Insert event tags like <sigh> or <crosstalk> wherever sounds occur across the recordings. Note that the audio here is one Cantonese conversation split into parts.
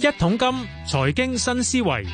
一桶金，財經新思維。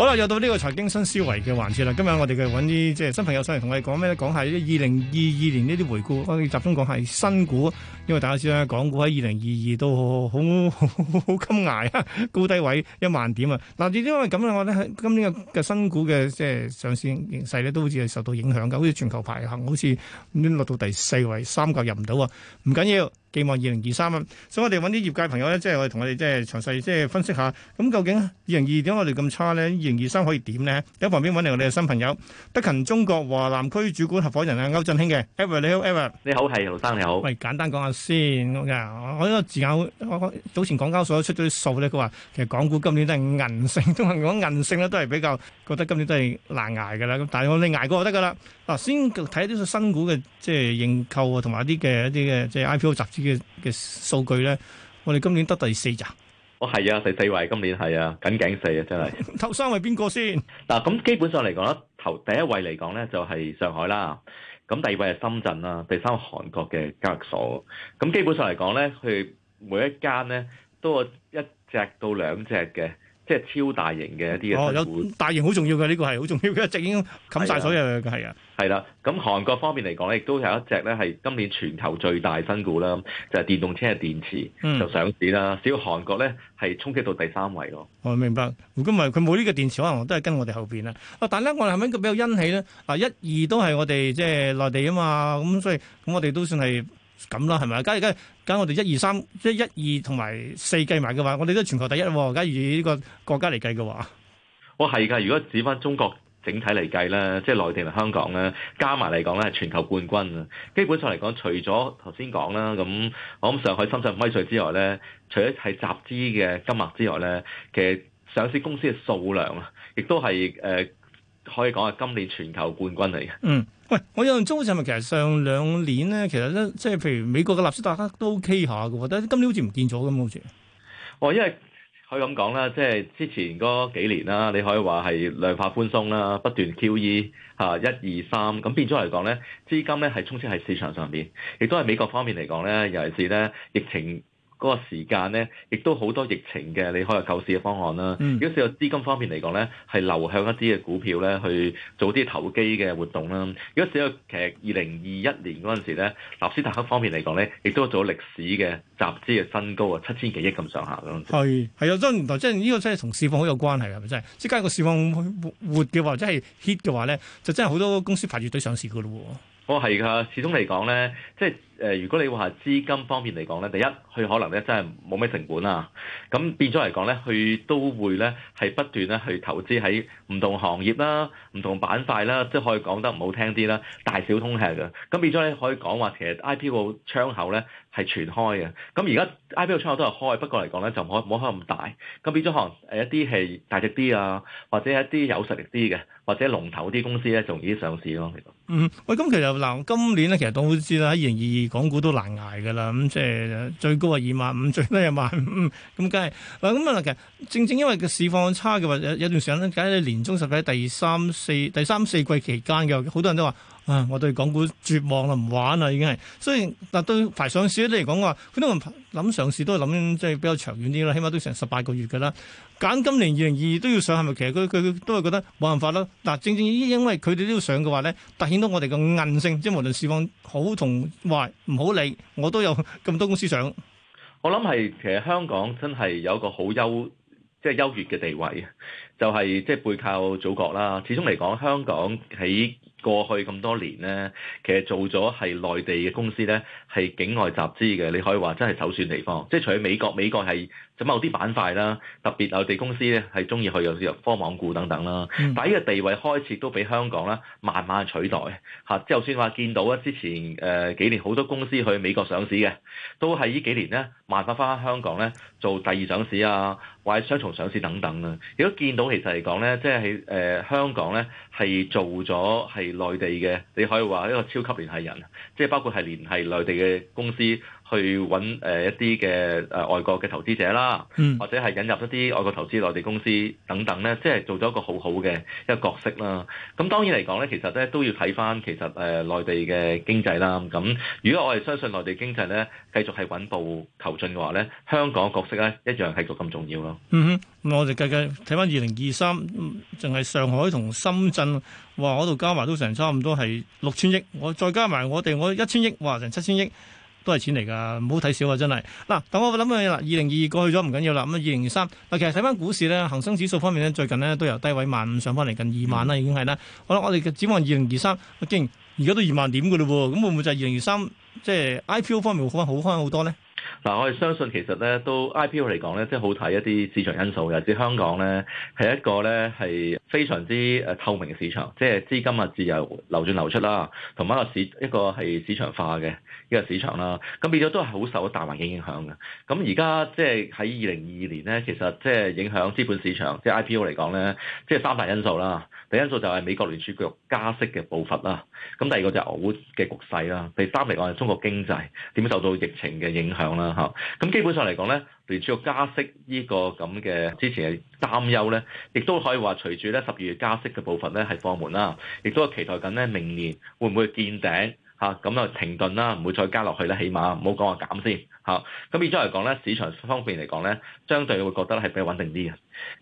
好啦，又到呢個財經新思維嘅環節啦。今日我哋嘅揾啲即係新朋友上嚟同我哋講咩咧？講下二零二二年呢啲回顧，我哋集中講係新股，因為大家知啦，港股喺二零二二都好好好襟捱啊，高低位一萬點啊。嗱、嗯，正因為咁樣，我覺得今年嘅嘅新股嘅即係上市形勢咧，都好似係受到影響噶，好似全球排行好似咁落到第四位，三角入唔到啊，唔緊要。寄望二零二三啊！所以我哋揾啲業界朋友咧，即係我哋同我哋即係詳細即係分析下，咁究竟二零二二點我哋咁差咧？二零二三可以點咧？喺旁邊揾嚟我哋嘅新朋友，德勤中國華南區主管合夥人啊，歐振興嘅。Ever 你好，Ever 你好，係盧生你好。喂，簡單講下先，我呢個字眼，我早前港交所出咗啲數咧，佢話其實港股今年都係銀性，都係講銀性咧都係比較覺得今年都係難捱㗎啦。咁但係我哋捱過就得㗎啦。嗱，先睇呢個新股嘅即係認購啊，同埋啲嘅一啲嘅即係 IPO 集資嘅嘅數據咧，我哋今年得第四隻，哦係啊，第四位今年係啊，僅僅四啊真係。頭三位邊個先？嗱，咁基本上嚟講咧，頭第一位嚟講咧就係上海啦，咁第二位係深圳啦，第三個韓國嘅交易所。咁基本上嚟講咧，佢每一間咧都有一隻到兩隻嘅。即係超大型嘅一啲嘅哦，有大型好重要嘅呢、這個係好重要嘅一隻，已經冚晒所有嘅係啊，係啦。咁韓國方面嚟講咧，亦都有一隻咧係今年全球最大新股啦，就係、是、電動車嘅電池就上市啦。只要韓國咧係衝擊到第三位咯。我、哦、明白。咁咪佢冇呢個電池，可能都係跟我哋後邊啦。但係咧，我哋係咪比較欣喜咧？啊，一二都係我哋即係內地啊嘛，咁所以咁我哋都算係。咁啦，係咪？假如，假如，梗係我哋一二三，即係一二同埋四計埋嘅話，我哋都係全球第一。梗係以呢個國家嚟計嘅話，嗯，我係㗎。如果指翻中國整體嚟計咧，即係內地同香港咧，加埋嚟講咧，係全球冠軍。基本上嚟講，除咗頭先講啦，咁我諗上海、深圳威水之外咧，除咗係集資嘅金額之外咧，其實上市公司嘅數量啊，亦都係誒、呃、可以講係今年全球冠軍嚟嘅。嗯。喂，我有樣中就係其實上兩年咧，其實咧即係譬如美國嘅納斯達克都 O K 下嘅，覺得今年好似唔見咗咁好似。哦，因為可以咁講啦，即係之前嗰幾年啦，你可以話係量化寬鬆啦，不斷 QE 嚇、啊、一二三，咁變咗嚟講咧，資金咧係充斥喺市場上邊，亦都係美國方面嚟講咧，尤其是咧疫情。嗰個時間咧，亦都好多疫情嘅你可以有救市嘅方案啦。如果涉及到資金方面嚟講咧，係流向一啲嘅股票咧，去做啲投機嘅活動啦。如果涉及其實二零二一年嗰陣時咧，納斯達克方面嚟講咧，亦都做歷史嘅集資嘅新高啊，七千幾億咁上下咁咯。係係啊，真係唔即係呢個真係同市況好有關係，係咪真係？即係個市況活嘅話，即係 hit 嘅話咧，就真係好多公司排住隊上市噶咯。哦，係㗎，始終嚟講咧，即係。誒，如果你話資金方面嚟講咧，第一佢可能咧真係冇咩成本啊。咁變咗嚟講咧，佢都會咧係不斷咧去投資喺唔同行業啦、唔同板塊啦，即係可以講得唔好聽啲啦，大小通吃嘅。咁變咗咧可以講話，其實 IPO 窗口咧係全開嘅。咁而家 IPO 窗口都係開，不過嚟講咧就唔可唔好開咁大。咁變咗可能誒一啲係大隻啲啊，或者一啲有實力啲嘅，或者龍頭啲公司咧，仲已經上市咯。嗯，喂，咁其實嗱，今年咧其實都知啦，二零二二。港股都難捱㗎喇，咁、嗯、即係最高係二萬五，最低係萬五，咁梗係嗱咁啊！其實正正因為個市況差嘅話，有有段時間咧，梗係年終實際第三四第三四季期間嘅好多人都話。啊！我對港股絕望啦，唔玩啦，已經係。雖然，但對排上市咧嚟講話，佢都諗上市都係諗即係比較長遠啲啦，起碼都成十八個月㗎啦。揀今年二零二二都要上係咪？是是其實佢佢都係覺得冇辦法啦。嗱，正正因為佢哋都要上嘅話咧，凸顯到我哋嘅韌性，即係無論市況好同壞，唔好理，我都有咁多公司上。我諗係其實香港真係有一個好優即係、即係、優越嘅地位，就係即係背靠祖國啦。始終嚟講，香港喺過去咁多年咧，其實做咗係內地嘅公司咧，係境外集資嘅，你可以話真係首選地方。即係除咗美國，美國係就某啲板塊啦，特別內地公司咧係鍾意去入入科網股等等啦。但係呢個地位開始都俾香港咧慢慢取代吓。即係就算話見到啊，之前誒幾年好多公司去美國上市嘅，都係呢幾年咧慢慢返香港咧。做第二上市啊，或者雙重上市等等啦、啊。如果見到其實嚟講咧，即係喺誒香港咧係做咗係內地嘅，你可以話一個超級聯繫人，即係包括係聯繫內地嘅公司。去揾誒一啲嘅誒外國嘅投資者啦，或者係引入一啲外國投資內地公司等等咧，即係做咗一個好好嘅一個角色啦。咁當然嚟講咧，其實咧都要睇翻其實誒內地嘅經濟啦。咁如果我哋相信內地經濟咧繼續係穩步求進嘅話咧，香港嘅角色咧一樣係咁重要咯。嗯哼，我哋計計睇翻二零二三，淨係上海同深圳哇，嗰度加埋都成差唔多係六千億。我再加埋我哋我一千億，哇，成七千億。都係錢嚟噶，唔好睇少啊！真係嗱、啊，但我諗啊，嗱，二零二二過去咗唔緊要啦，咁啊二零二三嗱，2023, 其實睇翻股市咧，恒生指數方面咧，最近咧都由低位萬五上翻嚟近二萬啦，嗯、已經係啦。好啦，我哋嘅展望二零二三，竟然而家都二萬點噶啦，咁會唔會就係二零二三即係 IPO 方面會好翻好，好，好多呢？嗱、啊，我哋相信其實咧都 IPO 嚟講咧，即係好睇一啲市場因素，尤其是香港咧係一個咧係。非常之誒透明嘅市場，即係資金啊自由流進流轉流出啦，同埋一個市一個係市場化嘅一個市場啦。咁變咗都係好受大環境影響嘅。咁而家即係喺二零二二年咧，其實即係影響資本市場，即係 IPO 嚟講咧，即係三大因素啦。第一因素就係美國聯儲局加息嘅步伐啦。咁第二個就係俄烏嘅局勢啦。第三嚟講係中國經濟點受到疫情嘅影響啦。嚇，咁基本上嚟講咧。連住個加息呢個咁嘅之前係擔憂咧，亦都可以話隨住咧十二月加息嘅部分咧係放緩啦，亦都係期待緊咧明年會唔會見頂？嚇咁啊停頓啦，唔會再加落去啦，起碼唔好講話減先嚇。咁變咗嚟講咧，市場方面嚟講咧，相對會覺得係比較穩定啲嘅。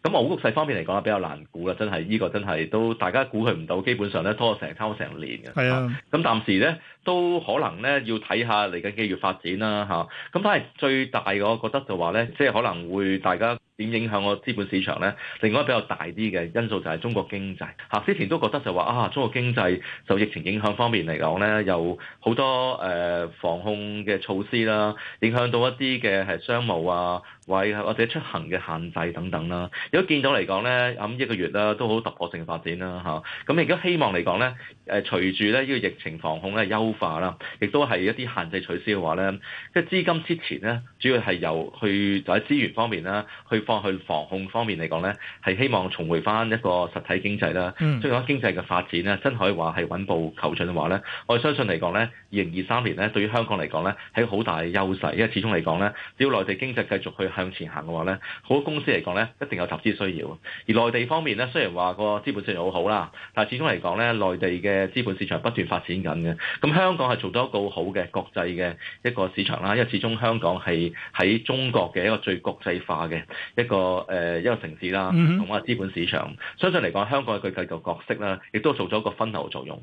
咁我好細方面嚟講啊，比較難估啦，真係呢、呢個真係都大家估佢唔到，基本上咧拖成差成年嘅。係、嗯、啊，咁、嗯、暫時咧都可能咧要睇下嚟緊幾月發展啦嚇。咁、嗯、但係最大我覺得就話咧，即係可能會大家。點影響個資本市場咧？另外比較大啲嘅因素就係中國經濟嚇。之前都覺得就話啊，中國經濟受疫情影響方面嚟講咧，有好多誒、呃、防控嘅措施啦，影響到一啲嘅係商務啊，或或者出行嘅限制等等啦。如果見到嚟講咧，咁一個月啦都好突破性嘅發展啦嚇。咁亦都希望嚟講咧，誒隨住咧呢個疫情防控咧優化啦，亦都係一啲限制取消嘅話咧，即係資金之前咧主要係由去就喺資源方面啦去。方去防控方面嚟講咧，係希望重回翻一個實體經濟啦。嗯、所以講經濟嘅發展咧，真可以話係穩步求進嘅話咧，我哋相信嚟講咧，二零二三年咧，對於香港嚟講咧，係好大嘅優勢，因為始終嚟講咧，只要內地經濟繼續去向前行嘅話咧，好多公司嚟講咧，一定有集資需要。而內地方面咧，雖然話個資本市場好好啦，但係始終嚟講咧，內地嘅資本市場不斷發展緊嘅。咁香港係做咗一個好嘅國際嘅一個市場啦，因為始終香港係喺中國嘅一個最國際化嘅。一個誒、呃，一個城市啦，同啊，資本市場，嗯、哼相信嚟講，香港嘅佢繼續角色啦，亦都做咗一個分流作用。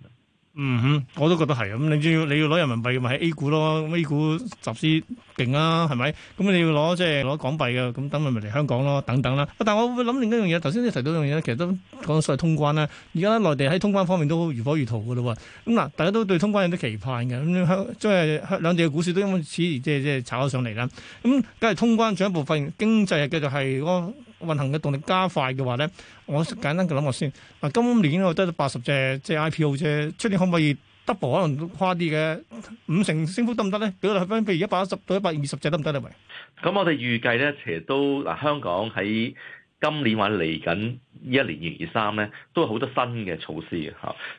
嗯哼，我都覺得係咁，你只要你要攞人民幣，咪喺 A 股咯，咁 A 股集資。勁啦，係咪、啊？咁你、嗯、要攞即係攞港幣嘅，咁等佢咪嚟香港咯，等等啦。但係我會諗另一樣嘢，頭先你提到一樣嘢咧，其實都講到所謂通關啦。而家內地喺通關方面都如火如荼嘅嘞喎。咁、嗯、嗱，大家都對通關有啲期盼嘅。咁香即係兩地嘅股市都因為此而即係即係炒咗上嚟啦。咁梗係通關進一步發現經濟繼續係嗰個運行嘅動力加快嘅話咧，我簡單嘅諗下先。嗱、啊，今年我得咗八十隻即係 IPO 啫，出年可唔可以？Double 可能都誇啲嘅，五成升幅得唔得咧？舉例翻，譬如一百一十到一百二十隻得唔得咧？喂，咁我哋預計咧，其實都嗱，香港喺今年話嚟緊。一年二二、三咧，都好多新嘅措施嘅，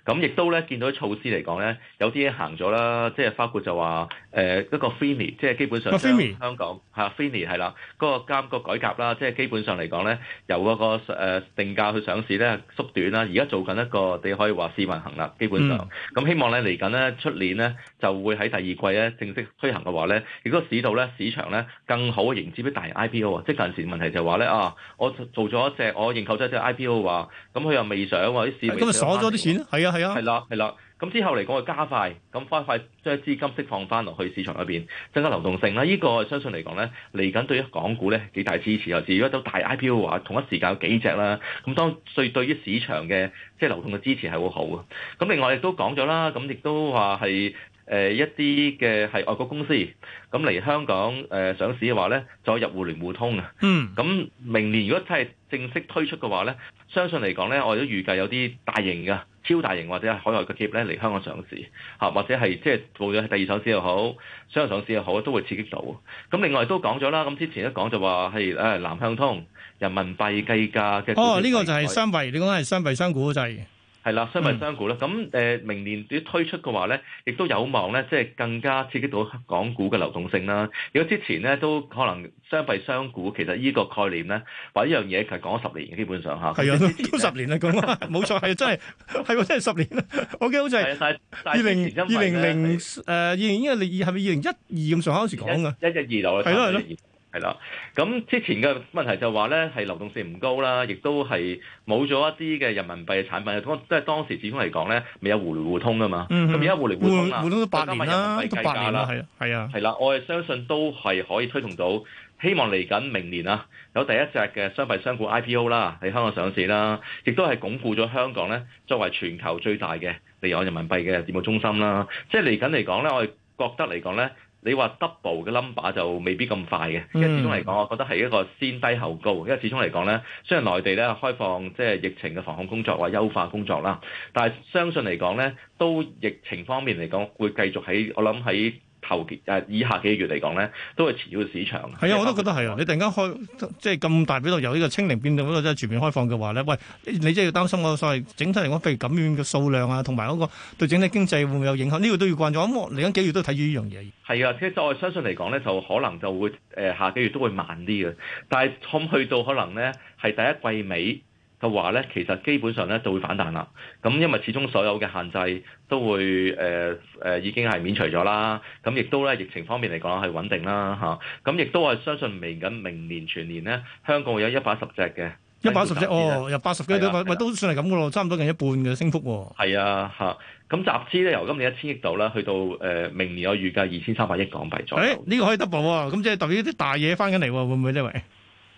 咁亦都咧見到啲措施嚟講咧，有啲行咗啦，即係包括就話誒一個 free 即係基本上香港嚇 free 年係啦，嗰個監個改革啦，即係基本上嚟講咧，由嗰個定價去上市咧縮短啦，而家做緊一個，你可以話試運行啦，基本上，咁希望咧嚟緊咧出年咧就會喺第二季咧正式推行嘅話咧，如果市道咧市場咧更好嘅認知啲大 IPO，即係暫時問題就係話咧啊，我做咗一隻我認購咗一隻 I 票話咁佢又未上或者市民，今日鎖咗啲錢，係啊，係啊，係啦，係啦。咁之後嚟講，係加快，咁快快將資金釋放翻落去市場裏邊，增加流動性啦。依個相信嚟講咧，嚟緊對於港股咧幾大支持。尤至如果走大 IPO 嘅話，同一時間有幾隻啦，咁當最對於市場嘅即係流動嘅支持係好好嘅。咁另外亦都講咗啦，咁亦都話係誒一啲嘅係外國公司咁嚟香港誒上市嘅話咧，再入互聯互通啊。嗯。咁明年如果真係正式推出嘅話咧，相信嚟講咧，我都預計有啲大型嘅，超大型或者海外嘅企業咧嚟香港上市，嚇或者係即係做咗係第二上市又好，雙上市又好，都會刺激到。咁另外都講咗啦，咁之前一講就話係誒南向通人民幣計價嘅。哦，呢、呢個就係雙幣，你講係雙幣雙股制。係啦，嗯、雙幣雙股啦，咁誒明年啲推出嘅話咧，亦都有望咧，即係更加刺激到港股嘅流動性啦。如果之前咧都可能雙幣雙股，其實呢個概念咧，或呢樣嘢係講咗十年基本上嚇。係啊，都十年啦講，冇錯、uh,，係真係，係喎真係十年啦。好嘅、啊，好似係。但係二零二零零誒，二零二係咪二零一二咁上下開始講噶？一月二攞係咯係咯。係啦，咁之前嘅問題就話咧，係流動性唔高啦，亦都係冇咗一啲嘅人民幣產品。我即係當時始終嚟講咧，未有互聯互通啊嘛。咁而家互聯互通啦，加埋人民幣計價啦，係啊，係啦，我係相信都係可以推動到。希望嚟緊明年啊，有第一隻嘅雙幣雙股 IPO 啦，喺香港上市啦，亦都係鞏固咗香港咧作為全球最大嘅離岸人民幣嘅業務中心啦。即係嚟緊嚟講咧，我係覺得嚟講咧。你話 double 嘅 number 就未必咁快嘅，因為始終嚟講，我覺得係一個先低後高。因為始終嚟講咧，雖然內地咧，開放，即係疫情嘅防控工作或優化工作啦，但係相信嚟講咧，都疫情方面嚟講，會繼續喺我諗喺。後期以下幾個月嚟講咧，都係遲咗市場。係啊，我都覺得係啊。嗯、你突然間開即係咁大比例，俾到由呢個清零變到嗰個即係全面開放嘅話咧，喂，你真係要擔心我所謂整體嚟講，譬如感染嘅數量啊，同埋嗰個對整體經濟會唔會有影響？呢個都要關注。咁我諗我嚟緊幾個月都睇住呢樣嘢。係啊，即係再相信嚟講咧，就可能就會誒、呃、下幾個月都會慢啲嘅。但係去到可能咧，係第一季尾。嘅話咧，其實基本上咧就會反彈啦。咁因為始終所有嘅限制都會誒誒、呃呃、已經係免除咗啦。咁、嗯、亦都咧疫情方面嚟講係穩定啦嚇。咁、嗯、亦都係相信明緊明年全年咧，香港會有一百一十隻嘅一百一十隻哦，有八十幾隻，咪、哦啊啊、都算係咁嘅咯，差唔多近一半嘅升幅。係啊嚇。咁、嗯、集資咧由今年一千億度啦，去到誒明年我預計二千三百億港幣左右。呢、hey, 個可以 double 喎，咁即係代表啲大嘢翻緊嚟喎，會唔會因為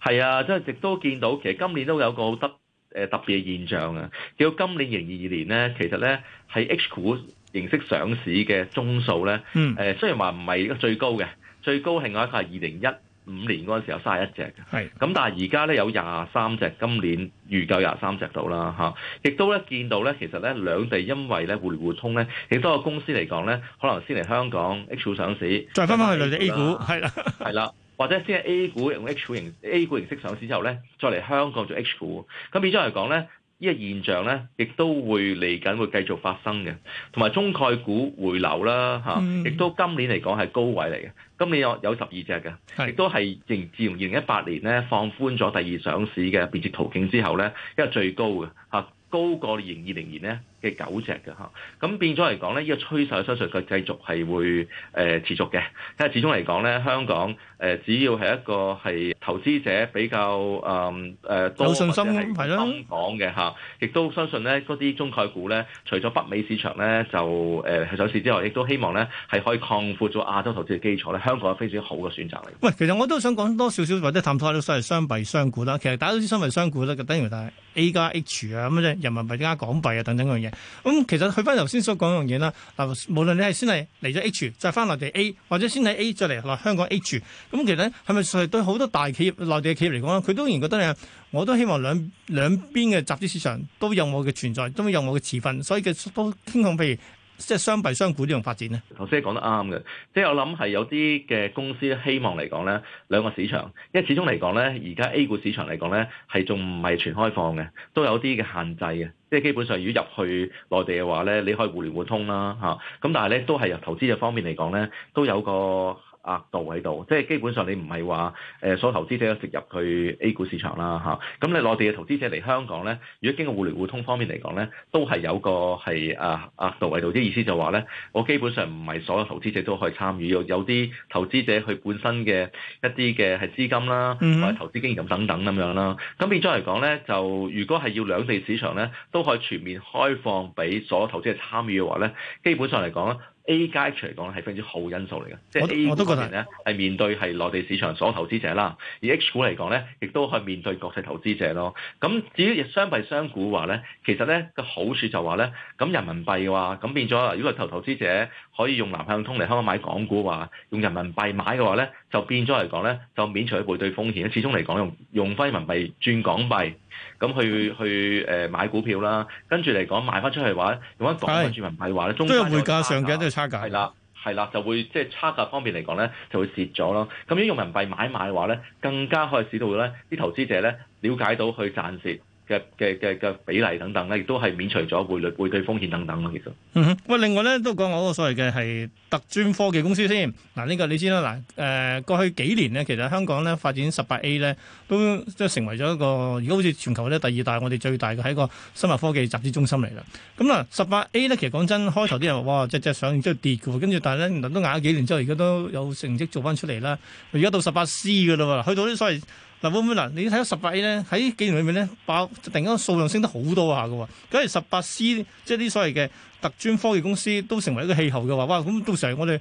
係係啊，即係直都見到，其實今年都有個得。誒、呃、特別嘅現象啊！叫到今年二零二二年咧，其實咧係 H 股形式上市嘅宗數咧，誒、嗯、雖然話唔係最高嘅，最高另外一個係二零一五年嗰陣時候卅一隻嘅，咁的但係而家咧有廿三隻，今年預計廿三隻到啦嚇，亦、啊、都咧見到咧，其實咧兩地因為咧互聯互通咧，都多個公司嚟講咧，可能先嚟香港 H 股上市，再翻翻去嚟隻 A 股，係啦，係啦是的。 <laughs> 或者先係 A 股用 H 股型 A 股形式上市之後咧，再嚟香港做 H 股。咁變咗嚟講咧，呢、呢個現象咧，亦都會嚟緊會繼續發生嘅。同埋中概股回流啦，嚇、嗯，亦都今年嚟講係高位嚟嘅。今年有有十二隻嘅，是亦都係仍自從二零一八年咧放寬咗第二上市嘅便捷途徑之後咧，一個最高嘅嚇，高過二零二零年咧。嘅九隻嘅嚇，咁變咗嚟講呢，呢個趨勢相信佢繼續係會誒持續嘅。但係始終嚟講呢，香港誒只要係一個係投資者比較誒誒多有信心或者係香港嘅嚇，亦的都相信呢嗰啲中概股呢，除咗北美市場呢，就誒上市之外，亦都希望呢係可以擴闊咗亞洲投資嘅基礎咧。香港係非常之好嘅選擇嚟。喂，其實我都想講多少少或者探討下啲所謂雙幣雙股啦。其實大家都知雙幣雙股啦，就等於係 A 加 H 啊咁啫，人民幣加港幣啊等等嗰咁、嗯、其實去翻頭先所講樣嘢啦，嗱，無論你係先係嚟咗 H，就係翻內地 A，或者先喺 A 再嚟來香港 H，咁、嗯、其實咧係咪對好多大企業內地嘅企業嚟講咧，佢都仍然覺得咧，我都希望兩兩邊嘅集資市場都有我嘅存在，都有我嘅持份，所以佢都傾向譬如。即係雙幣雙股呢種發展咧，頭先講得啱嘅，即係我諗係有啲嘅公司希望嚟講咧，兩個市場，因為始終嚟講咧，而家 A 股市場嚟講咧係仲唔係全開放嘅，都有啲嘅限制嘅，即係基本上如果入去內地嘅話咧，你可以互聯互通啦嚇，咁但係咧都係由投資嘅方面嚟講咧，都有個。額度喺度，即係基本上你唔係話誒所有投資者直入去 A 股市場啦嚇。咁你內地嘅投資者嚟香港咧，如果經過互聯互通方面嚟講咧，都係有個係誒額度喺度，即意思就話咧，我基本上唔係所有投資者都可以參與，有有啲投資者佢本身嘅一啲嘅係資金啦，或者投資經驗等等咁樣啦。咁變咗嚟講咧，就如果係要兩地市場咧都可以全面開放俾所有投資者參與嘅話咧，基本上嚟講咧。A 加 H 嚟講係非常之好因素嚟嘅，即係我都覺得咧係面對係內地市場所投資者啦，而 H 股嚟講咧亦都可以面對國際投資者咯。咁至於雙幣雙股話咧，其實咧個好處就話咧，咁人民幣嘅話咁變咗，如果頭投，投資者可以用南向通嚟香港買港股話，用人民幣買嘅話咧，就變咗嚟講咧就免除咗匯兌風險。始終嚟講用用翻人民幣轉港幣咁去去誒買股票啦，跟住嚟講買翻出去話用翻港幣轉人民幣話咧，都有匯價上係啦，係啦，就會即係、就是、差價方面嚟講咧，就會蝕咗咯。咁樣用人民幣買賣嘅話咧，更加可以使到咧啲投資者咧了解到去賺蝕。嘅嘅嘅嘅比例等等咧，亦都係免除咗匯率匯兌風險等等咯。其實，嗯哼，喂，另外咧都講我嗰個所謂嘅係特專科技公司先。嗱，呢個你知啦。嗱，誒過去幾年呢，其實香港咧發展十八 A 咧，都即係成為咗一個，而家好似全球咧第二大，我哋最大嘅係一個生物科技集資中心嚟啦。咁、嗯、啊，十八 A 咧，其實講真，開頭啲人哇，只隻上之後跌嘅，跟住但係咧，都捱咗幾年之後，而家都有成績做翻出嚟啦。而家到十八 C 嘅啦喎，去到啲所謂。嗱會唔會嗱？你睇到十八 A 咧喺幾年裏面咧，爆突然間數量升得好多下嘅喎。假如十八 C 即係啲所謂嘅特專科技公司都成為一個氣候嘅話，哇！咁到時我哋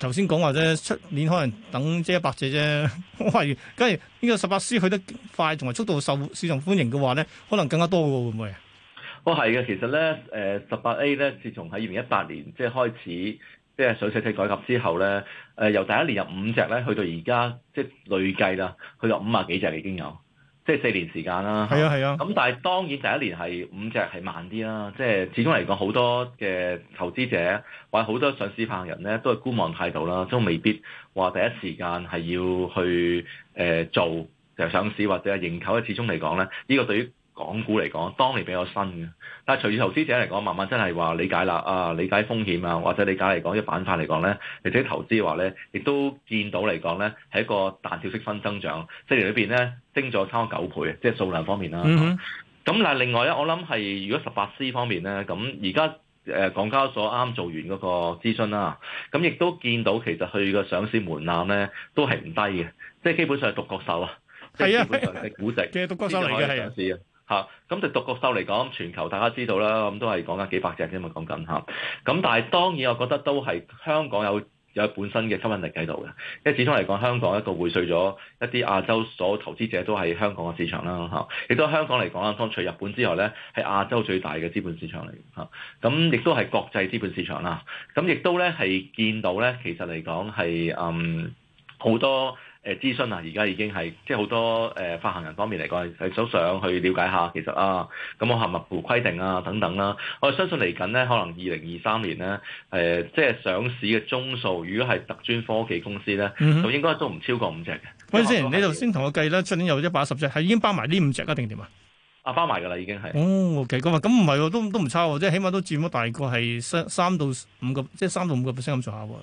頭先講話啫，出年可能等即係一百隻啫。哇！假如呢個十八 C 去得快，同埋速度受市場歡迎嘅話咧，可能更加多嘅喎，會唔會啊？哦，係嘅，其實咧，誒十八 A 咧，自從喺二零一八年即係開始。即係上市體改革之後咧，誒、呃、由第一年入五隻咧，去到而家即係累計啦，去到五十幾隻已經有，即係四年時間啦。係啊係啊。咁、啊、但係當然第一年係五隻係慢啲啦，即係始終嚟講好多嘅投資者或者好多上市行人咧，都係觀望態度啦，都未必話第一時間係要去誒、呃、做就上市或者係認購啊。始終嚟講咧，呢、呢個對於港股嚟講，當年比較新嘅，但係隨住投資者嚟講，慢慢真係話理解啦，啊理解風險啊，或者理解嚟講啲板塊嚟講咧，而且投資話咧，亦都見到嚟講咧係一個彈跳式分增長，即係裏邊咧升咗差唔多九倍，即係數量方面啦。咁嗱、嗯哼，但另外咧，我諗係如果十八 C 方面咧，咁而、呃、家誒港交所啱做完嗰個諮詢啦，咁、啊、亦都見到其實佢個上市門檻咧都係唔低嘅，即係基本上係獨角獸啊，即係啊，估值嘅獨角獸嚟嘅係。吓，咁就獨角獸嚟講，全球大家知道啦，咁都係講緊幾百隻啫嘛，講緊吓。咁但係當然我覺得都係香港有有本身嘅吸引力喺度嘅，因為始終嚟講香港一個匯聚咗一啲亞洲所有投資者都喺香港嘅市場啦，吓。亦都香港嚟講，當除日本之外咧，係亞洲最大嘅資本市場嚟嘅吓。咁亦都係國際資本市場啦。咁亦都咧係見到咧，其實嚟講係嗯好多。誒，諮詢啊，而家已經係即係好多誒發行人方面嚟講係想上去了解下其實啊，咁我合物部規定啊等等啦，我相信嚟緊咧可能二零二三年咧，誒即係上市嘅宗數，如果係特專科技公司咧， <coughs> 嗯、就應該都唔超過五隻嘅。喂 ooh Wolver ine、sure.，之前你頭先同我計啦，出年有一百十隻，係已經包埋呢五隻啊？定點啊？啊，包埋㗎啦，已經係。哦，OK，咁啊，咁唔係喎，都都唔差喎，即係起碼都佔咗大概係三三到五個，即係三到五個 percent 咁上下喎。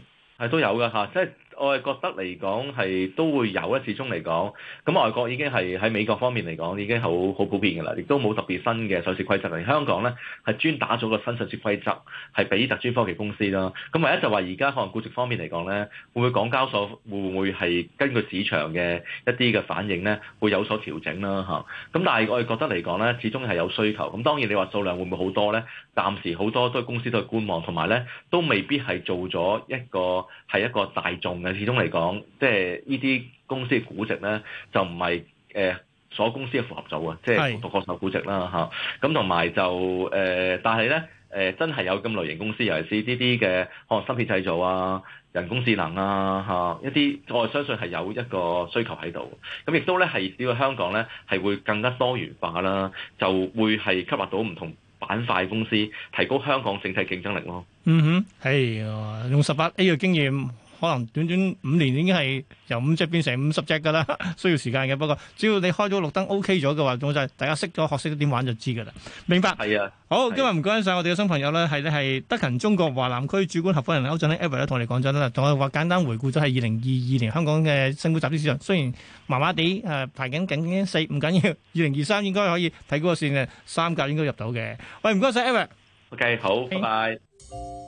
係都有㗎吓。即係。我係覺得嚟講係都會有啦，始終嚟講，咁外國已經係喺美國方面嚟講已經好好普遍㗎喇，亦都冇特別新嘅上市規則。嚟香港咧係專打咗個新上市規則，係俾特專科技公司咯。咁唯一就話而家可能估值方面嚟講咧，會唔會港交所會唔會係根據市場嘅一啲嘅反應咧，會有所調整啦嚇。咁但係我哋覺得嚟講咧，始終係有需求。咁當然你話數量會唔會好多咧？暫時好多都係公司都係觀望，同埋咧都未必係做咗一個係一個大眾。始終嚟講，即係呢啲公司嘅估值咧，就唔係誒所有公司嘅符合組啊，即係獨角獸估值啦，吓咁同埋就誒、呃，但係咧誒，真係有咁類型公司，尤其是呢啲嘅，哦，芯片製造啊，人工智能啊，吓、啊、一啲，我相信係有一個需求喺度。咁亦都咧係，只、這、要、個、香港咧係會更加多元化啦，就會係吸納到唔同板塊公司，提高香港整體競爭力咯、啊。嗯哼，係、哎、用十八 A 嘅經驗。可能短短五年已經係由五隻變成五十隻噶啦，需要時間嘅。不過只要你開咗綠燈 OK 咗嘅話，總就係大家識咗學識咗點玩就知嘅啦。明白。係啊。好，今日唔該晒我哋嘅新朋友咧，係你係德勤中國華南區主管合伙人歐振興呢 Eva 咧同我哋講咗啦，同我話簡單回顧咗喺二零二二年香港嘅新股集資市場，雖然麻麻地誒排緊緊緊四，唔緊要，二零二三應該可以睇嗰個線嘅三甲應該入到嘅。喂，唔該晒 Eva OK，好，拜拜。